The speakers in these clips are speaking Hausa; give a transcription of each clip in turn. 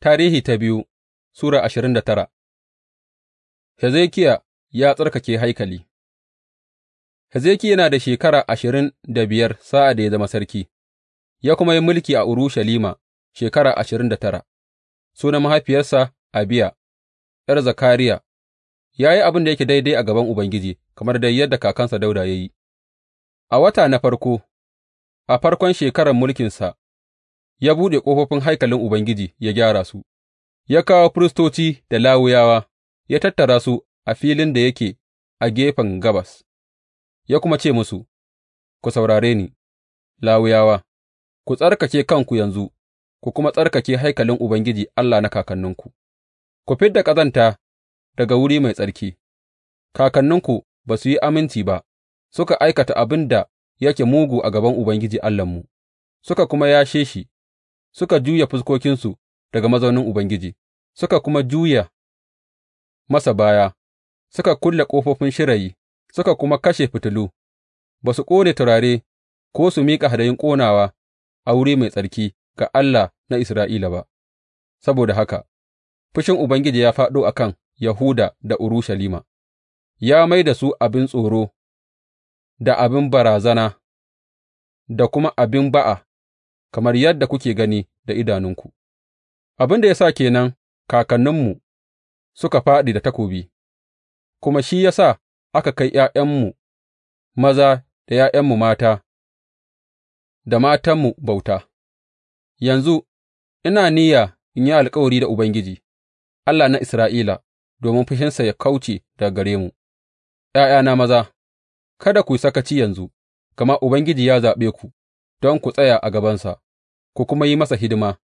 Tarihi ta biyu Sura ashirin da tara Hezekiya ya tsarkake haikali Hezekiya yana da shekara ashirin da biyar sa'ad da ya zama sarki, ya kuma yi mulki a Urushalima shekara ashirin da tara, sunan mahaifiyarsa Abiya, ’yar Zakariya, ya yi abin da yake daidai a gaban Ubangiji, kamar dai yadda kakansa Dauda ya yi. A wata na farko, a farkon shekarar mulkinsa, ya buɗe ƙofofin haikalin Ubangiji ya gyara su, ya kawo firistoci da lawuyawa ya tattara su a filin da yake a gefen gabas, ya kuma ce musu, Ku saurare ni, lawuyawa. ku tsarkake kanku yanzu, ku kuma tsarkake haikalin Ubangiji Allah na kakanninku, ku fid da ƙazanta daga wuri mai tsarki, kakanninku ba su yi aminci ba, suka aikata abin da yake mugu a gaban Ubangiji Allahnmu, suka kuma yashe shi suka juya fuskokinsu daga mazaunin Ubangiji suka kuma juya masa baya, suka kulle ƙofofin shirayi, suka kuma kashe fitilu, ba su ƙone turare ko su miƙa hadayin ƙonawa a wuri mai tsarki ga Allah na Isra'ila ba, saboda haka fushin Ubangiji ya faɗo a kan Yahuda da Urushalima, ya mai da su abin tsoro da abin barazana da kuma abin ba'a kamar yadda kuke gani da idanunku, abin da ya sa ke nan kakanninmu suka fāɗi da takobi, kuma shi ya sa aka kai ’ya'yanmu maza da ’ya'yanmu mata da matanmu bauta, yanzu ina niyya in yi alkawari da Ubangiji, Allah na Isra'ila, domin fushinsa ya kauce daga gare mu, ’ya'yana maza, kada ku yi sakaci yanzu, gama Ubangiji ya zaɓe ku. don ku tsaya a gabansa, ku kuma yi masa hidima,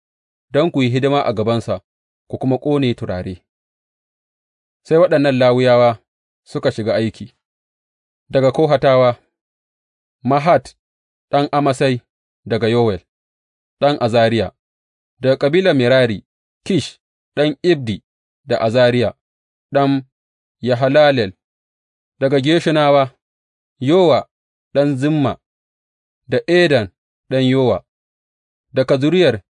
don ku yi hidima a gabansa, ku kuma ƙone turare. Sai waɗannan Lawiyawa suka shiga aiki, daga Kohatawa, Mahat ɗan Amasai daga Yowel, ɗan Azariya, daga kabilar Mirari, Kish ɗan Ibdi da Azariya, ɗan Yahalalel, daga Geshinawa, Yowa ɗan Zimma, da Edan ɗan Yowa, daga zuriyar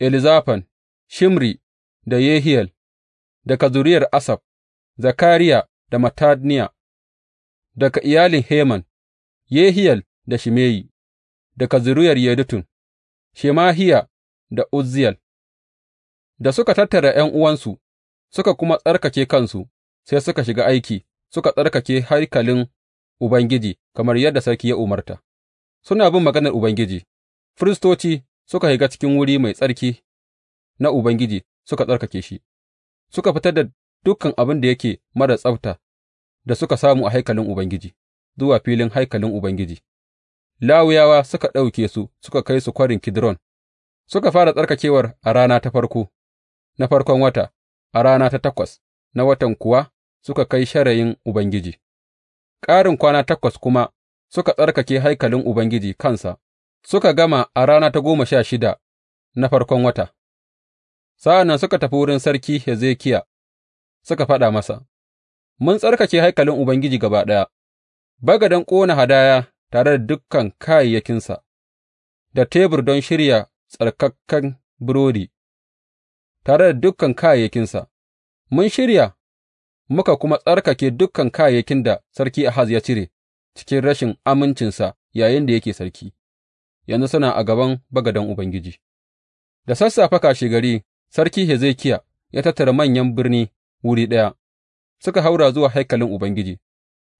Elizafan, Shimri da Yehiyel, daga zuriyar Asaf, Zakariya da Mattaniya, daga iyalin Heman, Yehiyel da Shimeyi, daga zuriyar Yedutun, Shemahiya da Uzziyel, da suka tattara ’yan'uwansu suka kuma tsarkake kansu, sai suka shiga aiki suka tsarkake haikalin Ubangiji kamar yadda sarki ya umarta, suna bin maganar Ubangiji. Firistoci suka shiga cikin wuri mai tsarki na Ubangiji suka tsarkake shi, suka fitar da dukan abin da yake marar tsabta da suka samu a haikalin Ubangiji zuwa filin haikalin Ubangiji. Lawuyawa suka ɗauke su suka kai su kwarin Kidron, suka fara tsarkakewar a rana ta farko na farkon wata, a rana ta takwas na watan kuwa suka kai sharayin Ubangiji. Ƙarin kwana takwas kuma suka tsarkake haikalin Ubangiji kansa. suka gama a rana ta goma sha shida na farkon wata, sa'an nan suka tafi wurin Sarki Hezekiya suka faɗa masa, Mun tsarkake haikalin Ubangiji gaba ɗaya, bagaden ƙona hadaya tare da dukkan kayayyakinsa, da tebur don shirya tsarkakan burodi, tare da dukkan kayayyakinsa, mun shirya muka kuma tsarkake dukan kayayyakin da Sarki Ahaz ya cire cikin rashin amincinsa yayin da yake sarki. yanzu suna a gaban bagaden Ubangiji. Da sassafe kashegari, Sarki Hezekiya ya tattara manyan birni wuri ɗaya, suka haura zuwa haikalin Ubangiji,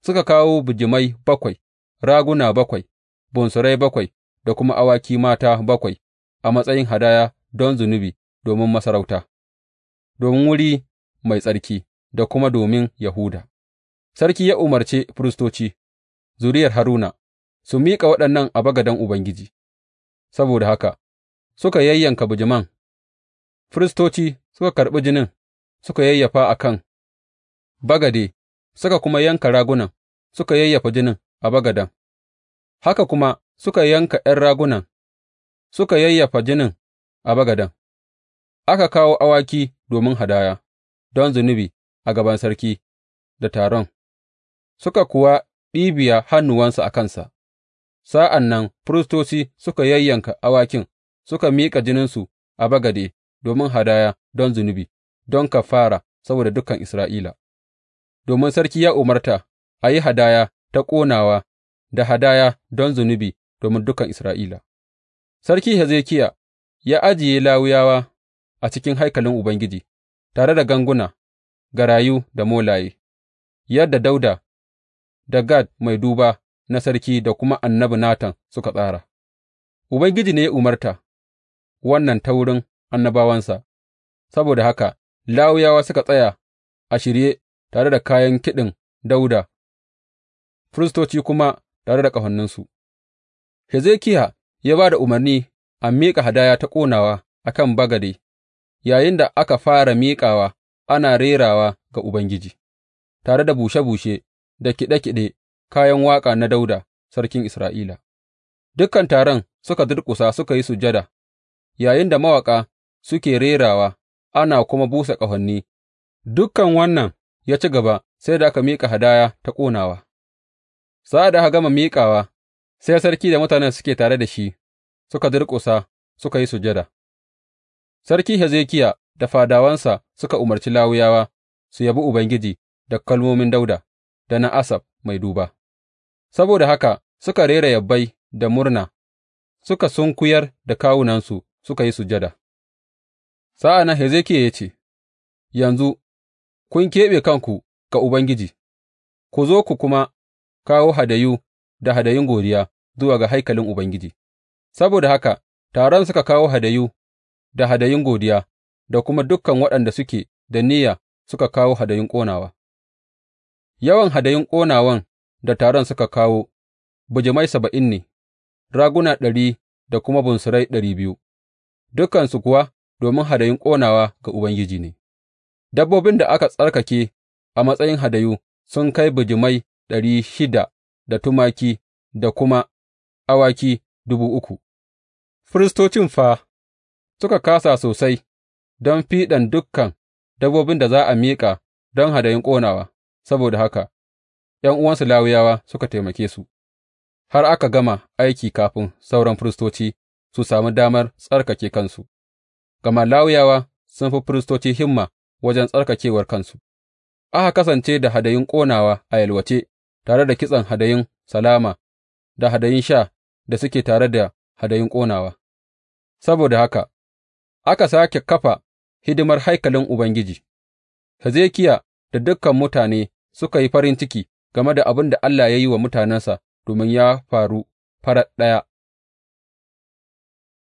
suka kawo bijimai bakwai, raguna bakwai, bunsurai bakwai da kuma awaki mata bakwai a matsayin hadaya don zunubi domin masarauta, domin wuri mai tsarki da kuma domin Yahuda. Sarki ya umarce firistoci, zuriyar Haruna, su miƙa waɗannan a bagaden Ubangiji. saboda haka suka yayyanka bijiman, firistoci suka karɓi jinin suka yayyafa a kan bagade, suka kuma yanka ragunan, suka yayyafa jinin a bagaden, haka kuma suka yanka ’yan ragunan, suka yayyafa jinin a bagaden, aka kawo awaki domin hadaya, don zunubi a gaban sarki da taron, suka kuwa ɗibiya hannuwansu a kansa. Sa'an nan firistoci suka yayyanka awakin suka miƙa jininsu a bagade domin hadaya don zunubi, don kafara saboda dukan Isra'ila, domin sarki ya umarta a yi hadaya ta ƙonawa da hadaya don zunubi domin dukan Isra'ila. Sarki Hezekiya ya ajiye Lawiyawa a cikin haikalin Ubangiji tare da ganguna, garayu da molaye, yadda Dauda da Gad mai duba na sarki da kuma annabi Natan suka tsara, Ubangiji ne ya umarta wannan ta wurin annabawansa, saboda haka Lawiyawa suka tsaya a shirye tare da kayan kiɗin Dauda, firistoci kuma tare da ƙahoninsu. Hezekiya ya ba da umarni a miƙa hadaya ta ƙonawa a kan bagade, da aka fara miƙawa ana rerawa ga Ubangiji, tare da bushe bushe da kiɗe kiɗe kayan waƙa na Dawuda sarkin Isra'ila, dukan taron suka durƙusa suka yi sujada, yayinda mawaƙa suke rerawa ana kuma busa ƙahoni, dukan wannan ya ci gaba sai da aka miƙa hadaya ta ƙonawa. Sa'ad da aka gama miƙawa, sai sarki da mutanen suke tare da shi suka durƙusa suka yi sujada. Sarki Hezekiya da fadawansa suka umarci lawuyawa, su yabi Ubangiji da kalmomin Dauda, da na Asaf mai duba. Saboda haka suka rera yabai da murna suka sunkuyar da kawunansu suka yi sujada, Sa'an nan Hezekiya ya ce, Yanzu kun keɓe kanku ga Ubangiji, ku zo ku kuma kawo hadayu da hadayun godiya zuwa ga haikalin Ubangiji, saboda haka taron suka kawo hadayu da hadayun godiya da kuma dukan waɗanda suke da niyya suka kawo hadayun ƙonawa. Yawan hadayun ƙonawan. da taron suka kawo bijimai saba'in ne, raguna ɗari da kuma bunsurai ɗari biyu, dukansu kuwa domin hadayun ƙonawa ga Ubangiji ne. Dabbobin da aka tsarkake a matsayin hadayu sun kai bijimai ɗari shida da tumaki da kuma awaki dubu uku. Firistocin fa suka kasa sosai don fiɗan dukkan dabbobin da za a miƙa don hadayin ƙonawa, saboda haka ’yan'uwansu Lawiyawa suka taimake su, har aka gama aiki kafin sauran firistoci su sami damar tsarkake kansu, gama Lawiyawa sun fi firistoci himma wajen tsarkakewar kansu, aka kasance da hadayin ƙonawa a yalwace tare da kitsen hadayin salama da hadayin sha da suke tare da hadayin ƙonawa, saboda haka aka sake kafa hidimar haikalin Ubangiji, Hezekiya da dukan mutane suka yi farin ciki game da abin da Allah ya yi wa mutanensa domin ya faru farat ɗaya.